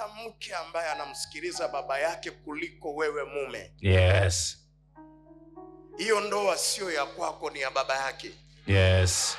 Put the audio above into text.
hata mke ambaye anamsikiliza baba yake kuliko wewe mume. Yes. Hiyo ndoa sio ya kwako, ni ya baba yake. Yes.